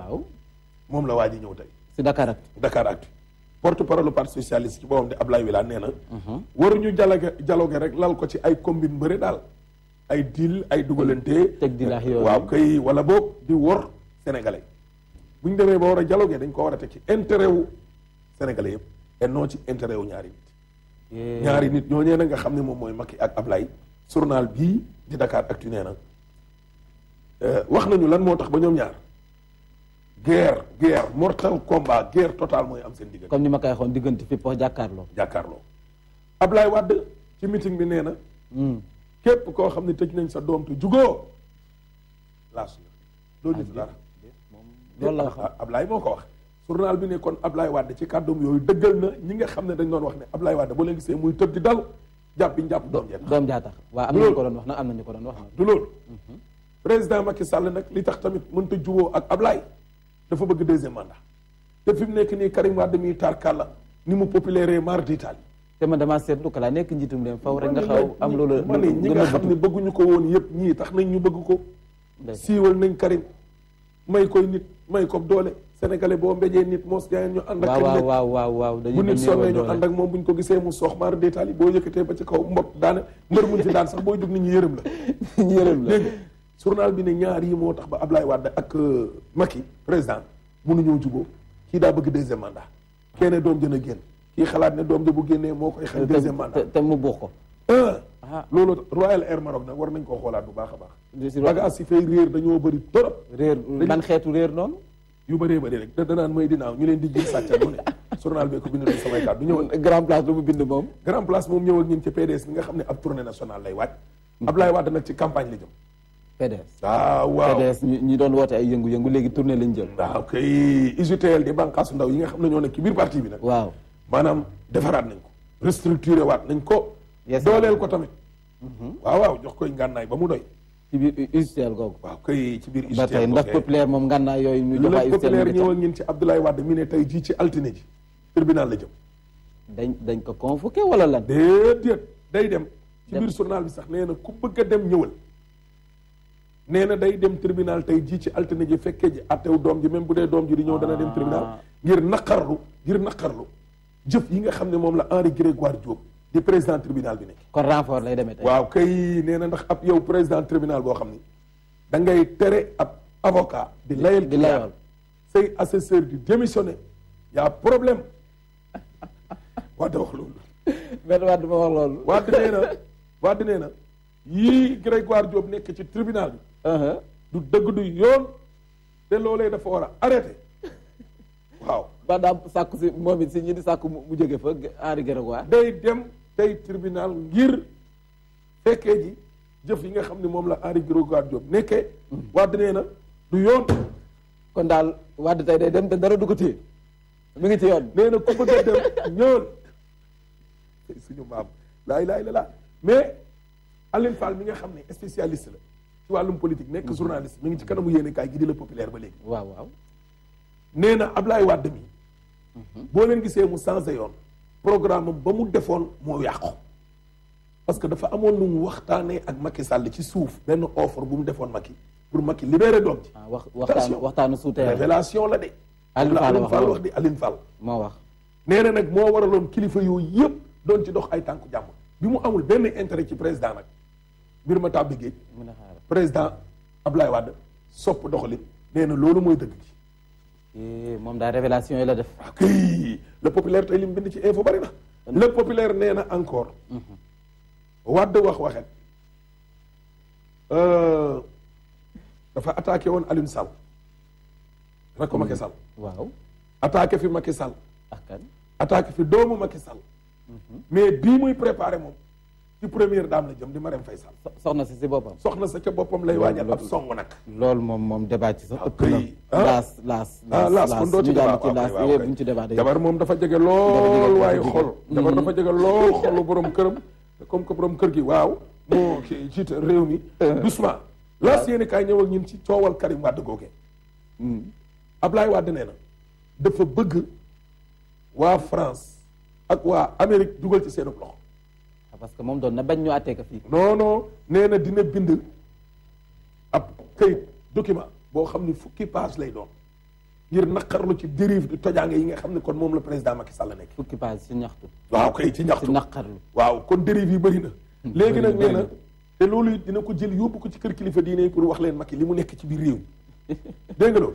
waaw moom la waa ji ñëw tey. si Dakar Actu. Dakar Actu porte parole du parti socialiste ci boobam di Ablaye Wilane nee na. ñu dialogue dialogue rek lal ko ci ay combine bëri daal. ay deal ay dugalante. teg di laax yooyu waaw kay wala boog di wor sénégalais. buñ ñu demee ba war a dialogue dañ ko war a teg ci intérêt wu sénégalais yëpp et ci intérêt wu ñaari nit. Eh. ñoo nit na nga xam ne moom mooy Macky ak Ablaye journal bii di Dakar Actu nee na eh, wax nañu lan moo tax ba ñoom ñaar. guerre guerre mortal combat guerre total moy am sen diggante. comme ni ma kay waxoon diggante fi pox jakarlo jakarlo ablay wad ci meeting bi nee hmm képp ko xamni ne nañ sa doom te jugoo laas la doo jëf dara. loolu la xam ah, ablay moko wax. journal bi ne kon ablay wad ci kaddum yoy deugal na ñi nga xamne dañ doon wax ne ablay wad bo leen gisee muy tëb di dal japp bi japp dom doom dom doom jaa tax waaw am nañu ko doon wax na am nañu ko doon wax du loolu mhm. président Macky Sall nak li tax tamit ta juwo ak ablay dafa bëgg deuxième mandat te fi mu nekk nii Karim Wade mi tarkalla ni mu populaire mar d'Italie te man damaa seetlu que la nekk njiitum leen faw rek nga xaw am loolu ma ne xam ne bëgguñu ko woon yëpp ñii tax nañ ñu bëggu ko siiwal nañ Karim may koy nit may ko doole sénégalais boo mbéjee nit moo jaayeen ñu ànd ak waaw waaw waaw waaw bu nit sonnee ñu ànd ak moom ko gisee mu soox maar détail boo yëkkatee ba ci kaw mbot daane mbër muñ ci daan sax booy jóg nit ñu yërëm la ñu yërëm la journal bi ne ñaar yi moo tax ba Ablaye Wade ak euh, Macky président mënuñoo juboo kii daa bëgg deuxième mandat kenn doom jën a génn kii xalaat ne doom ja bu génnee moo koy xel deuxième mandat te mu buux ko loolu Royal Air Maroc nag war nañ koo xoolaat bu baax a baax bagage si fay réer dañoo bëri torop réer ban xeetu réer noonu yu bëree bëri rek da naan may dinaaw ñu leen di jël sàccal mu ne journal bi ko bind du samay kàddu ñëw grand place lu mu bind moom grand place moom ñëw ak ñun ci PDS bi nga xam ne ab tournée nationale lay waaj hmm. Ablaye Wade nag ci campagne la jëm PDS. ah waaw PDS ñi doon woote ay yëngu-yëngu léegi tournée lañ jël. waaw ah, kay UGTL di bànqaasu ndaw yi nga xam na ñoo nekk ci biir parti nag. waaw maanaam defaraat nañ ko. restructuré waat nañ ko. dooleel ko tamit. Mhm. waaw waaw jox koy ngànnaay ba mu doy. ci biir UGTL googu. waaw kay ci biir UGTL ba tey ndax populaire moom ngànnaay yooyu. ñu jox ay UGTL populaire ñëwoon ngeen ci Abdoulaye Wade mi ne jii ci altine ji. tribunal la jëm. dañ dañ ko convoqué wala lan. day dem. ci biir bi sax nee na ku bëgg ñëwal nee na day dem tribunal tey jii ci altine ji fekkee ji attew doom ji même bu dee doom ji di ñëw dana dem tribunal ah. ngir naqarlu ngir naqarlu jëf yi nga xam ne moom la Henri Grégoire Diop di président tribunal bi nekk kon renfort lay demee tey waaw kay nee na ndax ab yow président tribunal boo xam ni da ngay tere ab avocat di layal di layal say assesseur di démissionner y'a problème Wade wax loolu benn Wade wax loolu Wade nee na Wade nekk ci tribunal bi du dëgg du yoon te loolee dafa war a arrêté waaw. ba daam sàkku si moom it si ñi di sàkku mu jóge fa Henri Gerégoire day dem tey tribunal ngir fekkee ji jëf yi nga xam ne moom la Henri Gerégoire Diop nekkee. Wade na du yoon. kon daal Wade tey day dem te dara du ko ngi ci yoon. nee na ku bëgg a dem ñëwal maam laay laay laa mais Alioune Fall mi nga xam ne spécialiste la. ci wàllum politique nekk journaliste mi ngi ci kanamu yéene kaay gi di la populaire nee na Ablaye Wade mi. boo leen gisee mu changé yoon. programme ba mu defoon moo yàqu. parce que dafa amoon lu mu waxtaanee ak Macky Sall ci suuf benn offre bu mu defoon Macky pour Macky libéré doom ji. Ah, wax waxtaanu waxtaanu souterrain révélation la de. Aline Fall wax Fall di Aline Fall. moo wax nee na nag moo waraloon kilifa yooyu yëpp doon ci dox ay tànku jàmm bi mu amul benn intérêt ci président nag mbir ma tàbbi géej. président Abdoulaye Wade sopp doxalin nee na loolu mooy dëgg ci eh, moom daal révélation yi la def. ok ah, le populaire tey li mu bind ci info bari na. le populaire nee na encore. Mhm. Wade wax waxet euh, dafa attaqué woon Alioune Sall. rek ko Macky Sall. Mm. waaw attaqué fi Macky Sall. attaqué fi doomu Macky Sall. Mhm. mais bii muy préparé moom. ci première daam la jëm di Marème Faye Sall. soxna si si boppam. soxna sa ca boppam lay waajal ab song nag. loolu moom moom débat ci sax ak ah, na. Ah. laas laas ah, laas laas kon doo ci débat waaw waaw ci débat jabar moom dafa jege lool waaye xol. Mm-hmm. jabar dafa jege lool xolu borom këram. comme que borom kër gi waaw. moo jiite réew mi. Eh. doucement laas yéen kaay ñëw ak ñun ci coowal Karim Wade googe. Mm-hmm. Ablaye Wade nee na. dafa bëgg waa France ak waa Amérique dugal ci seen loxo. parce que moom doon na bañ ñu àttee ko fii. non non nee na dina bind ab këyit document boo xam ni fukki page lay doon ngir naqarlu ci dérive di tojaange yi nga xam ne kon moom la président Macky Sall nekk. fukki page ci ñaxtu. waaw kay ci ñaxtu ci naqarlu. waaw kon dérive yi bëri na. Hmm, léegi nag nee na te loolu dina ko jël yóbbu ko ci kër kilifa diine pour wax leen Macky li mu nekk ci biir réew mi dégg loolu.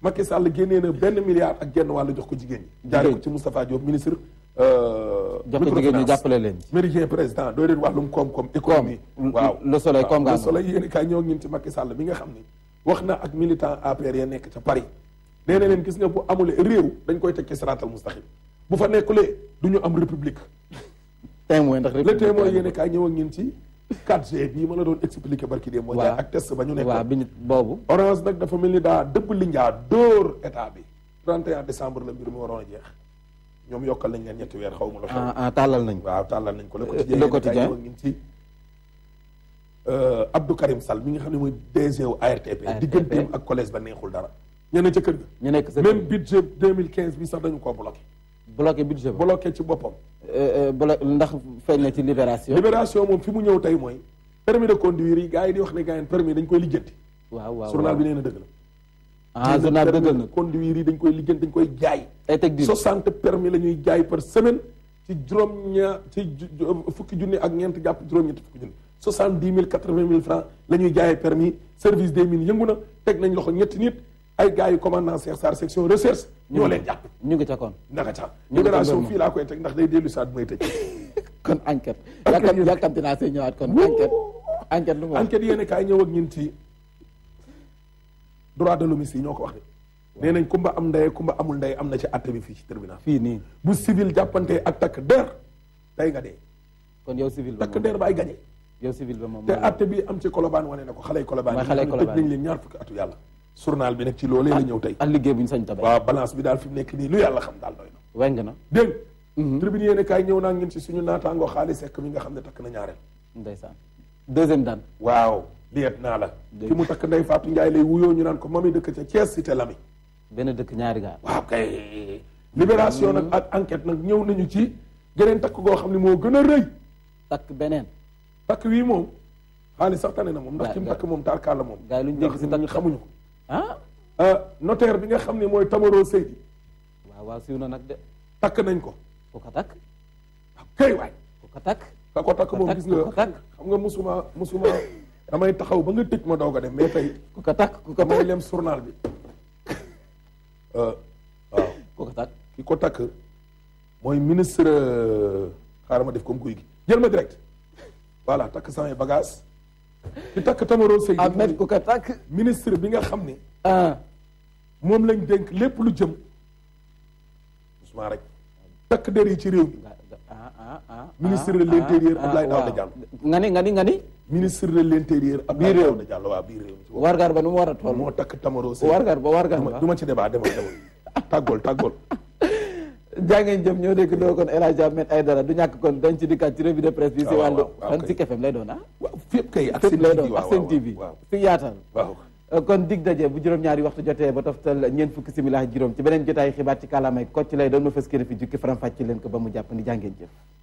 Macky Sall génnee na benn milliard ak genn wàll jox ko jigéen ñi. jaaree ci Moustapha ministre. Euh, jox ko jigéen ñi jàppale leen méridien président doo leen wax lu mu koom-koom économie waaw le soleil koom nga le soleil yéen kaay ñëw ñun ci Macky Sall mi nga xam ni wax na ak militant APR ya nekk ca Paris nee na leen gis nga bu amulee réew dañ koy teg ci siraatal mustaqim bu fa nekkulee du ñu am république témoin ndax le témoin yéen kaay ñëw ak ñun ci 4G bii ma la doon expliqué barki dee moo jaay ak test ba ñu nekk waaw bi ñu boobu orange nag dafa mel ni daa dëbb li njaa dóor état bi 31 décembre la mbir mi waroon a jeex ñoom yokkal nañ leen ñetti weer xaw ma la xew ah, ah, tàllal nañ waaw tàllal nañ ko le quotidien le quotidien ngi ci euh, Abdou Karim sal mi nga xam ne mooy DG wu ARTP digganteem ak collège ba neexul dara ña ne ca kër nekk même budget deux mille quinze bi sax dañu koo bloqué bloqué budget ba bloqué ci boppam euh, euh, bloqué ndax feeñ na ci libération libération moom fi mu ñëw tey mooy permis de conduire yi gars yi di wax ne gars yi permis dañ koy lijjanti waaw waaw journal bi nee na la ah naa dëggal na conduire yi dañ koy liggéey dañ koy jaay. ay teg diir soixante permis la ñuy jaay par semaine ci juróom ña ci fukki junni ak ñeent jàpp juróom-ñetti fukki junni soixante dix mille quatre vingt mille francs la ñuy jaayee permis service des mines yëngu na teg nañ loxo ñetti nit ay gars yu commandant Cheikh Sarr section recherche. ñoo leen jàpp ñu ngi ca kon. fii laa koy teg ndax day dellu saat may tëj. kon enquête. enquête see ñëwaat kon enquête. enquête lu mu wax enquête yéen a kaay ñun ci droit de l'homme yi ñoo ko wax de nee nañ kumba am ndey kumba amul ndey am na ci àtte bi fii ci tribunal fii nii bu civil jàppante ak takk der day nga dee kon yow civil takk ba ay gañe yow civil bi am ci kolobaan wane na ko xale yi kolobaan tëj nañ leen ñaar fukki atu yàlla journal bi nag ci loolee la ñëw tey ak liggéey bu sañ tabay waaw balance bi daal fi mu nekk nii lu yàlla xam daal doy na weng na dégg mhm. tribune yéene kaay ñëw naa ngeen ci suñu naataango xaalis sekk mi nga xam ne takk na ñaareel ndeysaan deuxième daan waaw liet naa la ki mu takk Ndeye Fatou Ndiaye lay wuyoo ñu naan ko mami dëkk ca Thiès cité Lamy benn dëkk ñaari gaar waaw kay libération nag ak enquête nag ñëw nañu ci geneen takk goo xam ni moo gën a rëy takk beneen takk wii moom xaalis sax tane na moom ndax ki takk moom tarkaal la moom gars yi lu ñu dégg si takk xamuñu ko ah, ah bi nga xam ne mooy Tamaro Seydi waaw waaw siw na nag takk nañ ko ku ko takk waaw kay ko takk ka takk moom gis nga xam nga musuma musuma damay taxaw ba nga tëj ma doog a def mais tey. ku ko takk ku ko takk mooy lem journal euh, ko takk ki ko takk mooy ministre xaaral ma def koom guy gi jël ma direct voilà takk samay bagage ki takk Tamaro Seye. Ahmed ku takk ministre bi nga xam ne. Ah. moom lañ dénk lépp lu jëm. doucement rek takk der yi ci réew mi. Ah, ah, ministre de l'intérieur Abdoulaye Daouda Diallo. nga ni nga ni nga ministre de l'intérieur. bii réew Abdoulaye Diallo waaw wargaar ba nu mu war a toll. moo takk tamaro seen wargaar ba wargaar ba du ma ci débat demal demal tàggol tàggol. jaa ngeen jëm ñoo dégg doo kon El Hadj Ahmed Aïdara du ñàkk kon dañ ci dikkaat ci revue de presse bi si wàllu fan si KFM lay doon ah. waaw fépp kay ak seen lay doon ak seen TV fi yaatal euh, kon dig daje bu juróom-ñaari waxtu jotee ba toftal ñeent fukki simila juróom ci beneen jotaay xibaar ci kàllaamay kocc lay doon ma fës kene fi jukki faram fàcc leen ko ba mu jàpp ni jaa